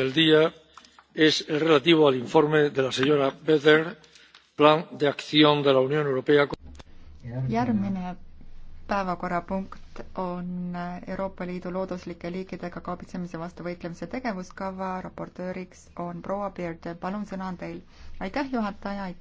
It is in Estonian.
del día es el relativo al informe de la señora Beder, Plan de acción de la Unión Europea. Järgmine päevakorrapunkt on Euroopa Liidu looduslike liikidega kaubitsemise vastu võitlemise tegevuskava, raportööriks on proua Beard, palun, sõna on teil. aitäh, juhataja, aitäh.